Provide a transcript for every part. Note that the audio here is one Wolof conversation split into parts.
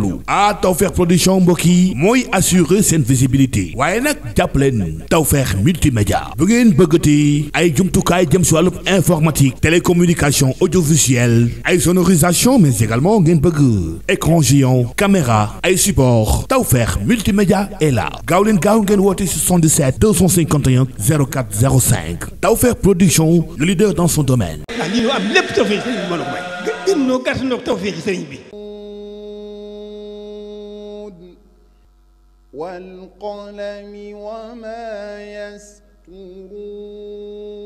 teewlu ah Tawfekh production mbokk yi mooy assurer seen visibilité waaye nag jàppaleen Tawfekh multimédia bu ngeen bëggatee ay jumtukaay jëm si wàllu informatique télécommunication audiovisuelle ay sonorisation mais également ngeen bëgg écran géant caméra ay support Tawfekh multimédia est là gaaw leen gaaw ngeen woote 77 251 production le leader dans son domaine. ah lii ñu am lépp Tawfekh sëriñ bi mbooloo bi. والقلم وما يسطرون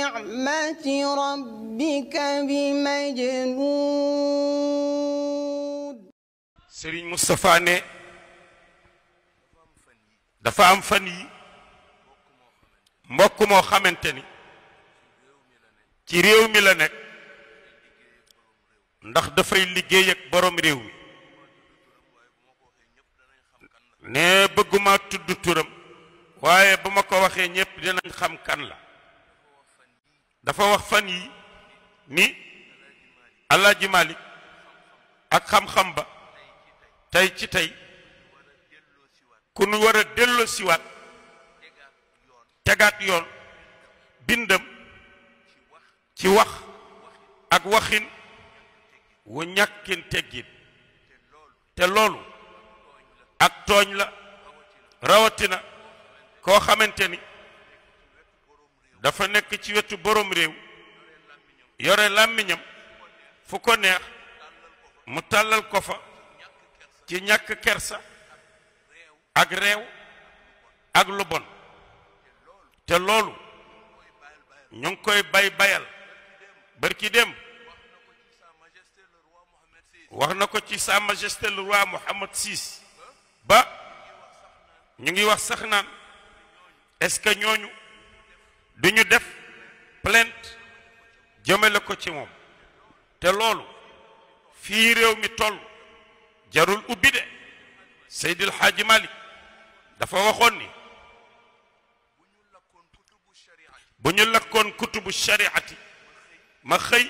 نعمة ربك بمجنون dafa am fan yi mbokk moo xamante ni ci réew mi la nekk ndax dafay liggéey ak réew mi bëgguma tudd waaye bu ma ko waxee ñépp dinañ xam kan la dafa wax fan yi ni alaaji Malik ak xam-xam ba tey ci tey ku nu war a delloo siwaat tegaat yoon bindam ci wax ak waxin wu ñàkkin teggin te loolu ak tooñ la rawatina koo xamante ni dafa nekk ci wetu boroom réew yore làmmiñam fu ko neex mu tàllal ko fa ci ñàkk kersa ak réew ak lu bon te loolu ñu ngi koy bay bayal bërki dem wax na ko ci sa majesté le roi Mohammed VI ba ñu ngi wax sax naan ce ñooñu du ñu def plainte jëmale ko ci moom te loolu fii réew mi toll jarul ubbi de Seydil Hadji Malick dafa waxoon ni bu ñu lakkoon kutubu shariati ma xëy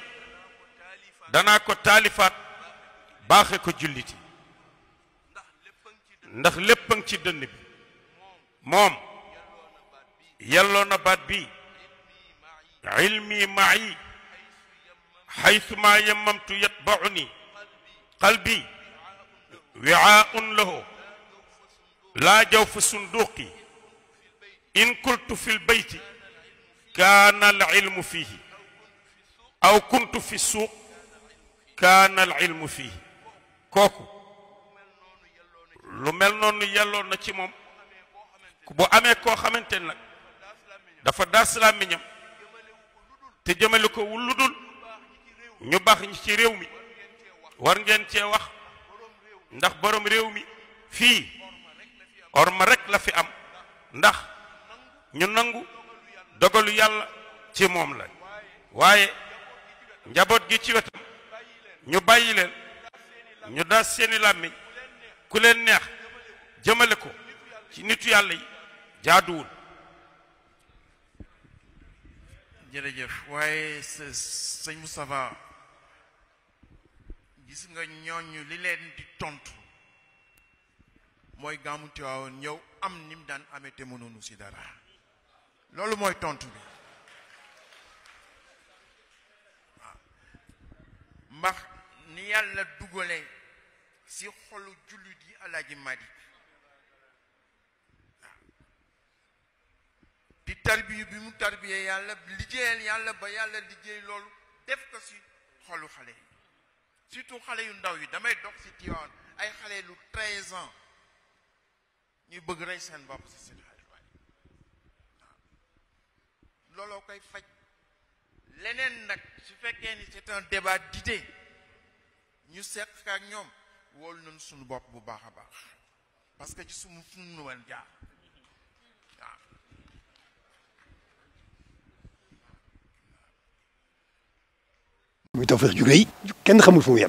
danaa ko taalifaat baaxe ko julliti ndax lépp a ngi ci dënn bi moom yelloo na baat bii علمي معي حيثما يممت يتبعني قلبي وعاء له لا جوف صندوقي إن كنت في البيت كان العلم فيه أو كنت في السوق كان العلم فيه kooku lu mel noonu yelloon na ci moom bu amee koo xamante nag dafa daas làmmiñam te jëmale ko wul lu dul ñu baax ñi ci réew mi warngeen ngeen cee wax ndax borom réew mi fii orma rekk la fi am ndax ñu nangu dogalu yàlla ci moom la waaye njaboot gi ci wetam ñu bàyyi leen ñu daas seeni làmmiñ ku leen neex jëmale ko ci nitu yàlla yi jaaduwul jërëjëf waaye sëñ Moustapha gis nga ñooñu li leen di tontu mooy gàmmu ñëw am ni mu daan amee te mënuñu si dara loolu mooy tontu bi waaw mbax ni yàlla dugale si xolu jullit yi Alaaji Malik di tarbiyu bi mu tarbiyee yàlla liggéeyal yàlla ba yàlla liggéey loolu def ko si xolu xale yi surtout xale yu ndaw yi damay dox si Tiwaawan ay xale lu treize ans ñuy bëgg rey seen bopp si seen xale looloo koy faj leneen nag su fekkee ni c'est un débat d'idée ñu seq ak ñoom wóolu nañu suñu bopp bu baax a baax parce que ci sumu fu mu jaar muy Tawfekh ju rëy kenn xamul fu mu yem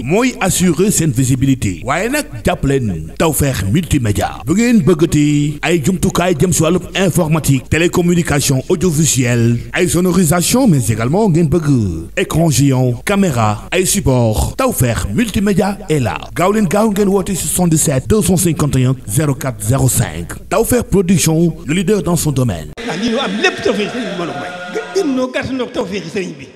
mooy assurer seen visibilité waaye nag jàppaleen Tawfekh multimédia bu ngeen bëggati ay jumtukaay jëm si wàllub informatique télécommunication audiovisuelle ay sonorisation mais également ngeen bëgg écran caméra ay support Tawfekh multimédia est là gaaw leen gaaw ngeen woote 77 251 04 05 Tawfekh production le leader dans son domaine. Ah, am lépp Tawfekh sëriñ bi.